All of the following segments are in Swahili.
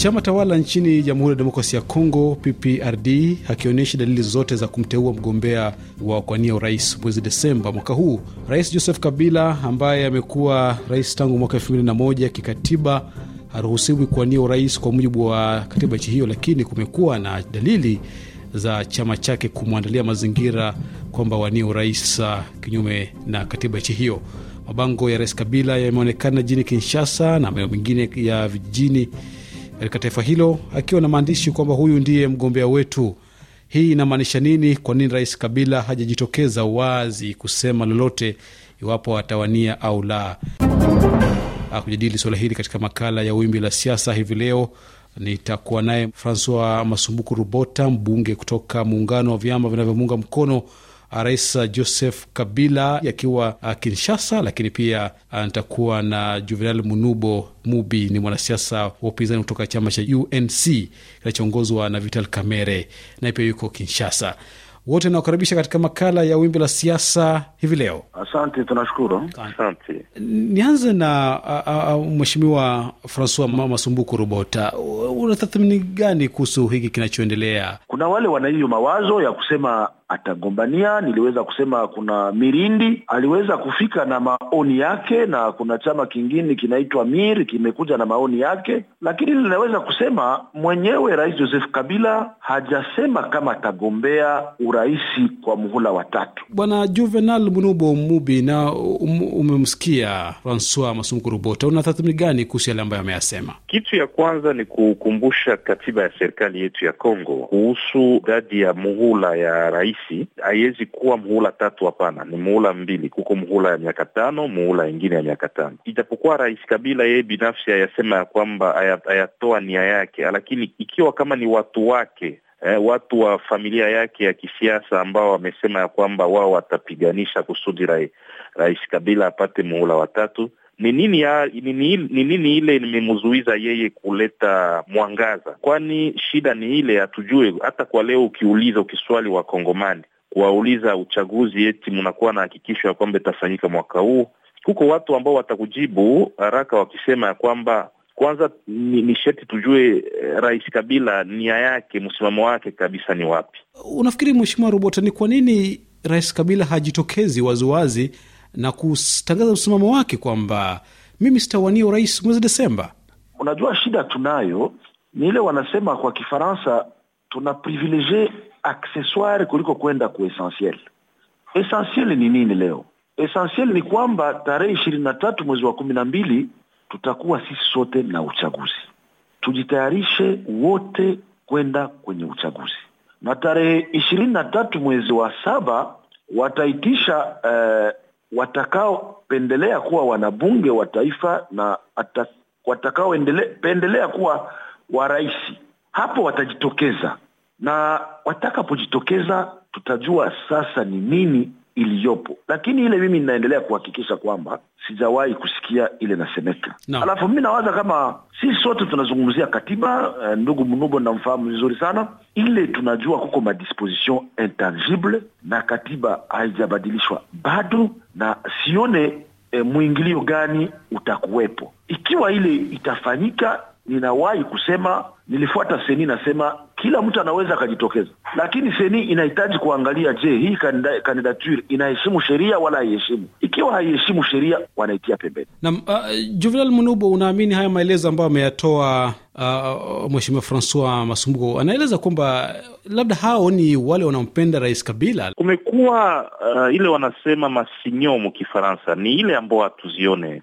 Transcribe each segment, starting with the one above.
Chama tawala nchini Jamhuri ya Demokrasia ya Kongo, PPRD, hakionyeshi dalili zote za kumteua mgombea wa kuwania urais mwezi Desemba mwaka huu. Rais Joseph Kabila ambaye amekuwa rais tangu mwaka 21 kikatiba haruhusiwi kuwania urais kwa mujibu wa katiba nchi hiyo, lakini kumekuwa na dalili za chama chake kumwandalia mazingira kwamba wanie urais uh, kinyume na katiba nchi hiyo. Mabango ya Rais Kabila yameonekana jijini Kinshasa na maeneo mengine ya vijijini katika taifa hilo, akiwa na maandishi kwamba huyu ndiye mgombea wetu. Hii inamaanisha nini? Kwa nini Rais Kabila hajajitokeza wazi kusema lolote iwapo atawania au la? Kujadili suala hili katika makala ya Wimbi la Siasa hivi leo nitakuwa naye Francois Masumbuku Rubota, mbunge kutoka muungano wa vyama vinavyomuunga mkono Rais Joseph Kabila akiwa Kinshasa, lakini pia nitakuwa na Juvenal Munubo Mubi, ni mwanasiasa wa upinzani kutoka chama cha UNC kinachoongozwa na Vital Kamere, naye pia yuko Kinshasa. Wote nawakaribisha katika makala ya wimbi la siasa hivi leo. Asante, tunashukuru. Asante. Nianze na mheshimiwa Francois Masumbuku Robota, una tathmini gani kuhusu hiki kinachoendelea? Kuna wale wana hiyo mawazo ya kusema atagombania. Niliweza kusema kuna Mirindi aliweza kufika na maoni yake, na kuna chama kingine kinaitwa Mir kimekuja na maoni yake, lakini linaweza kusema mwenyewe Rais Joseph Kabila hajasema kama atagombea urahisi kwa muhula wa tatu. Bwana Juvenal Munubo Mubi, na um, umemsikia Francois Masumkuru Bota, una tathmini gani kuhusu yale ambayo ameyasema? Kitu ya kwanza ni kukumbusha katiba ya serikali yetu ya Kongo kuhusu idadi ya muhula ya rais rais haiwezi kuwa muhula tatu. Hapana, ni muhula mbili. Kuko muhula ya miaka tano, muhula ingine ya miaka tano. Ijapokuwa rais Kabila yeye binafsi ayasema ya kwamba ayatoa nia yake, lakini ikiwa kama ni watu wake Eh, watu wa familia yake ya kisiasa ambao wamesema ya kwamba wao watapiganisha kusudi rais Kabila apate muhula watatu, ni nini, ni nini ile imemzuiza yeye kuleta mwangaza? Kwani shida ni ile, hatujue hata kwa leo. Ukiuliza, ukiswali Wakongomani, kuwauliza uchaguzi eti mnakuwa na hakikisho ya kwamba itafanyika mwaka huu, huko watu ambao watakujibu haraka wakisema ya kwamba kwanza ni, ni sheti tujue eh, Rais Kabila nia yake, msimamo wake kabisa ni wapi. Unafikiri Mheshimiwa Robota, ni kwa nini Rais Kabila hajitokezi waziwazi na kutangaza msimamo wake kwamba mimi sitawania urais mwezi Desemba. Unajua, shida tunayo ni ile wanasema kwa Kifaransa tuna privilege accessoire kuliko kwenda ku essentiel. Essentiel ni nini leo? Essentiel ni kwamba tarehe ishirini na tatu mwezi wa kumi na mbili tutakuwa sisi sote na uchaguzi. Tujitayarishe wote kwenda kwenye uchaguzi, na tarehe ishirini na tatu mwezi wa saba wataitisha uh, watakaopendelea kuwa wanabunge wa taifa na watakaopendelea kuwa warahisi hapo watajitokeza, na watakapojitokeza tutajua sasa ni nini iliyopo, lakini ile mimi ninaendelea kuhakikisha kwamba sijawahi kusikia ile nasemeka no. Alafu mimi nawaza kama sisi sote tunazungumzia katiba. eh, ndugu Mnubo namfahamu vizuri sana, ile tunajua kuko madisposition intangible na katiba haijabadilishwa bado, na sione eh, mwingilio gani utakuwepo ikiwa ile itafanyika. Ninawahi kusema nilifuata seni, nasema kila mtu anaweza akajitokeza, lakini seni inahitaji kuangalia, je, hii kandidature inaheshimu sheria wala haiheshimu? Ikiwa haiheshimu sheria, wanaitia pembeni. Naam. Uh, Juvenal Munubo, unaamini haya maelezo ambayo ameyatoa uh, Mheshimiwa Francois Masumbuko anaeleza kwamba labda hao ni wale wanaompenda Rais Kabila. Kumekuwa uh, ile wanasema masinyo mukifaransa ni ile ambao hatuzione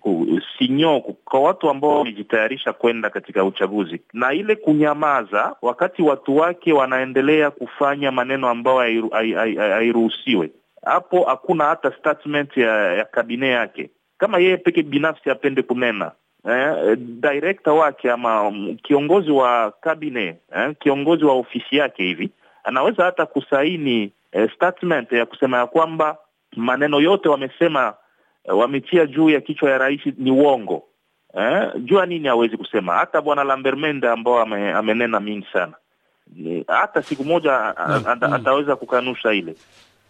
sinyo kwa watu ambao wamejitayarisha kwenda katika uchaguzi, na ile kunyamaza wakati watu wake wanaendelea kufanya maneno ambayo hairuhusiwe. Hapo hakuna hata statement ya, ya kabine yake. Kama yeye peke binafsi apende kunena eh, direkta wake ama kiongozi wa kabine eh, kiongozi wa ofisi yake hivi anaweza hata kusaini eh, statement ya kusema ya kwamba maneno yote wamesema eh, wametia juu ya kichwa ya rais ni uongo. Eh, jua nini hawezi kusema hata bwana Lambert ambao ame, amenena mingi sana ni, hata siku moja mm, mm, ataweza kukanusha ile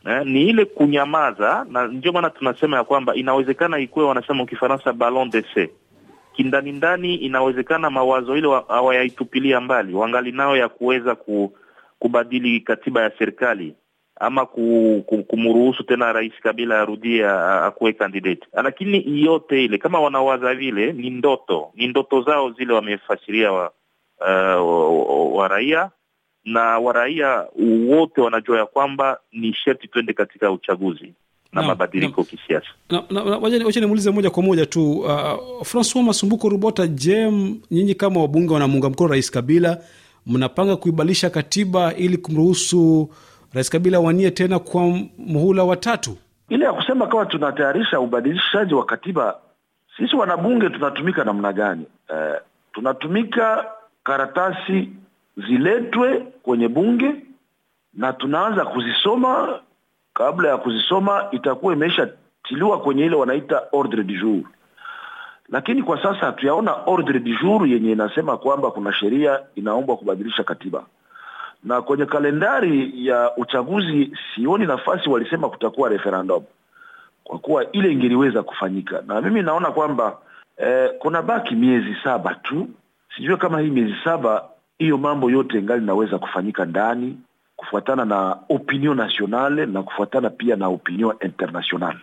eh, ni ile kunyamaza, na ndio maana tunasema ya kwamba inawezekana ikuwe wanasema Kifaransa ballon d'essai kindani ndani, inawezekana mawazo ile hawayaitupilia mbali, wangali nao ya kuweza ku, kubadili katiba ya serikali ama ku, ku, kumruhusu tena Rais Kabila arudie akuwe kandidati. Lakini yote ile kama wanawaza vile, ni ndoto, ni ndoto zao zile wamefasiria wa, uh, wa raia na waraia wote wanajua ya kwamba ni sherti twende katika uchaguzi na mabadiliko kisiasa. Wacha nimuulize moja kwa moja tu uh, Francois Masumbuko Rubota, je, nyinyi kama wabunge wanamuunga mkono Rais Kabila mnapanga kuibadilisha katiba ili kumruhusu Rais Kabila wanie tena kwa muhula watatu? Ile ya kusema kama tunatayarisha ubadilishaji wa katiba, sisi wanabunge tunatumika namna gani? Uh, tunatumika karatasi ziletwe kwenye bunge na tunaanza kuzisoma kabla ya kuzisoma itakuwa imeshatiliwa kwenye ile wanaita ordre du jour, lakini kwa sasa hatuyaona ordre du jour yenye inasema kwamba kuna sheria inaombwa kubadilisha katiba. Na kwenye kalendari ya uchaguzi sioni nafasi walisema kutakuwa referendum, kwa kuwa ile ingeliweza kufanyika, na mimi naona kwamba eh, kuna baki miezi saba tu, sijue kama hii miezi saba hiyo mambo yote ngali inaweza kufanyika ndani kufuatana na opinion nationale na kufuatana pia na opinion internationale.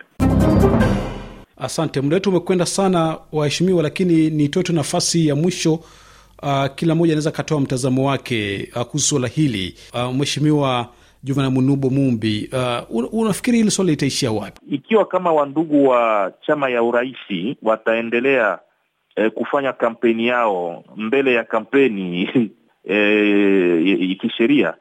Asante, muda wetu umekwenda sana waheshimiwa, lakini nitoe tu nafasi ya mwisho. Uh, kila mmoja anaweza akatoa mtazamo wake uh, kuhusu swala hili uh, Mheshimiwa Juvana Munubo Mumbi, uh, unafikiri hili swala litaishia wapi ikiwa kama wandugu wa chama ya uraisi wataendelea eh, kufanya kampeni yao mbele ya kampeni eh, ikisheria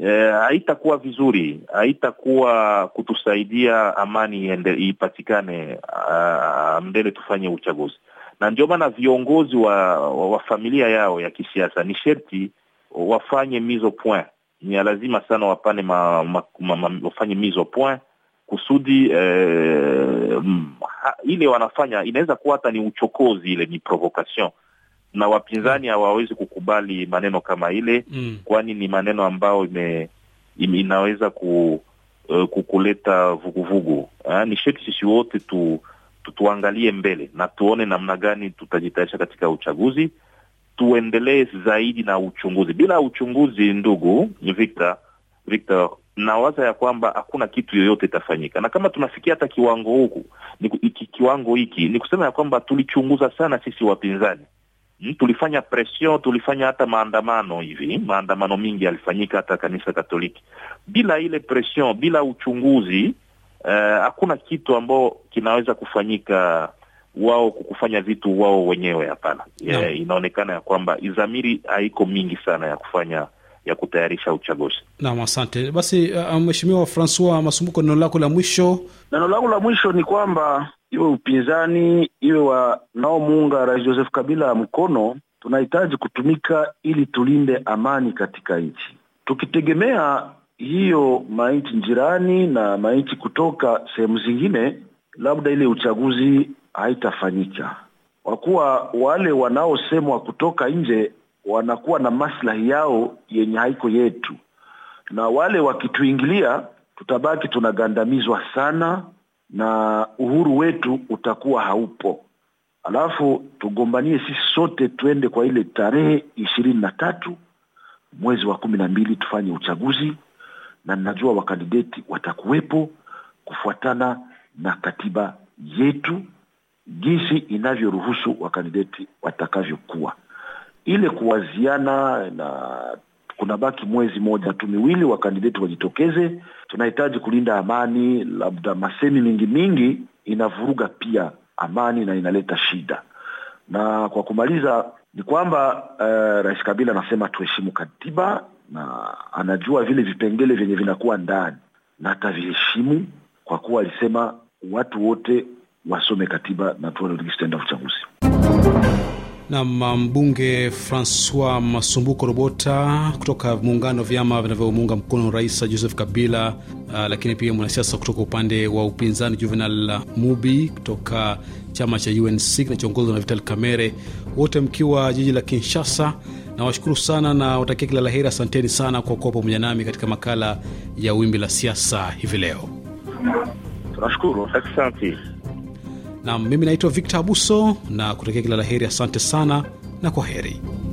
Eh, haitakuwa e, vizuri, haitakuwa kutusaidia amani ipatikane, ah, mbele tufanye uchaguzi. Na ndio maana viongozi wa, wa, wa familia yao ya kisiasa ni sherti wafanye mizo point, ni lazima sana wapane ma, ma, ma, ma, wafanye mizo point kusudi eh, ile wanafanya inaweza kuwa hata ni uchokozi, ile ni provocation na wapinzani hawawezi kukubali maneno kama ile mm. Kwani ni maneno ambayo ime, ime, inaweza ku, uh, eh, kukuleta vuguvugu. Ah, ni sheti sisi wote tu, tu, tuangalie mbele na tuone namna gani tutajitayarisha katika uchaguzi, tuendelee zaidi na uchunguzi. Bila uchunguzi, ndugu Victor, Victor nawaza ya kwamba hakuna kitu yoyote itafanyika, na kama tunafikia hata kiwango huku ni, kiwango hiki ni kusema ya kwamba tulichunguza sana sisi wapinzani tulifanya pression, tulifanya hata maandamano hivi, maandamano mingi yalifanyika hata kanisa Katoliki. Bila ile pression, bila uchunguzi, eh, hakuna kitu ambao kinaweza kufanyika wao kufanya vitu wao wenyewe. Hapana, yeah, no. Eh, inaonekana ya kwamba idhamiri haiko mingi sana ya kufanya ya kutayarisha uchaguzi. Naam, asante basi. Uh, Mheshimiwa Francois Masumbuko, neno lako la mwisho. Neno langu la mwisho ni kwamba iwe upinzani iwe wanaomuunga Rais Joseph Kabila mkono, tunahitaji kutumika ili tulinde amani katika nchi, tukitegemea hiyo manchi jirani na manchi kutoka sehemu zingine, labda ile uchaguzi haitafanyika, kwa kuwa wale wanaosemwa kutoka nje wanakuwa na maslahi yao yenye haiko yetu, na wale wakituingilia tutabaki tunagandamizwa sana na uhuru wetu utakuwa haupo. Alafu tugombanie sisi sote tuende kwa ile tarehe ishirini na tatu mwezi wa kumi na mbili tufanye uchaguzi, na ninajua wakandideti watakuwepo kufuatana na katiba yetu jinsi inavyoruhusu wakandideti watakavyokuwa. Ile kuwaziana na kuna baki mwezi moja tu miwili, wakandideti wajitokeze. Tunahitaji kulinda amani, labda masemi mingi mingi inavuruga pia amani na inaleta shida. Na kwa kumaliza ni kwamba uh, Rais Kabila anasema tuheshimu katiba na anajua vile vipengele vyenye vinakuwa ndani na ataviheshimu, kwa kuwa alisema watu wote wasome katiba na tuone kitendo uchaguzi na mbunge Francois Masumbuko Robota kutoka muungano wa vyama vinavyomuunga mkono Rais Joseph Kabila, uh, lakini pia mwanasiasa kutoka upande wa upinzani Juvenal Mubi kutoka chama cha UNC kinachoongozwa na Vital Kamere, wote mkiwa jiji la Kinshasa. Nawashukuru sana na watakia kila la heri. Asanteni sana kwa kuwa pamoja nami katika makala ya Wimbi la Siasa hivi leo. Tunashukuru, asante na mimi naitwa Victor Abuso na kutakia kila la heri. Asante sana na kwa heri.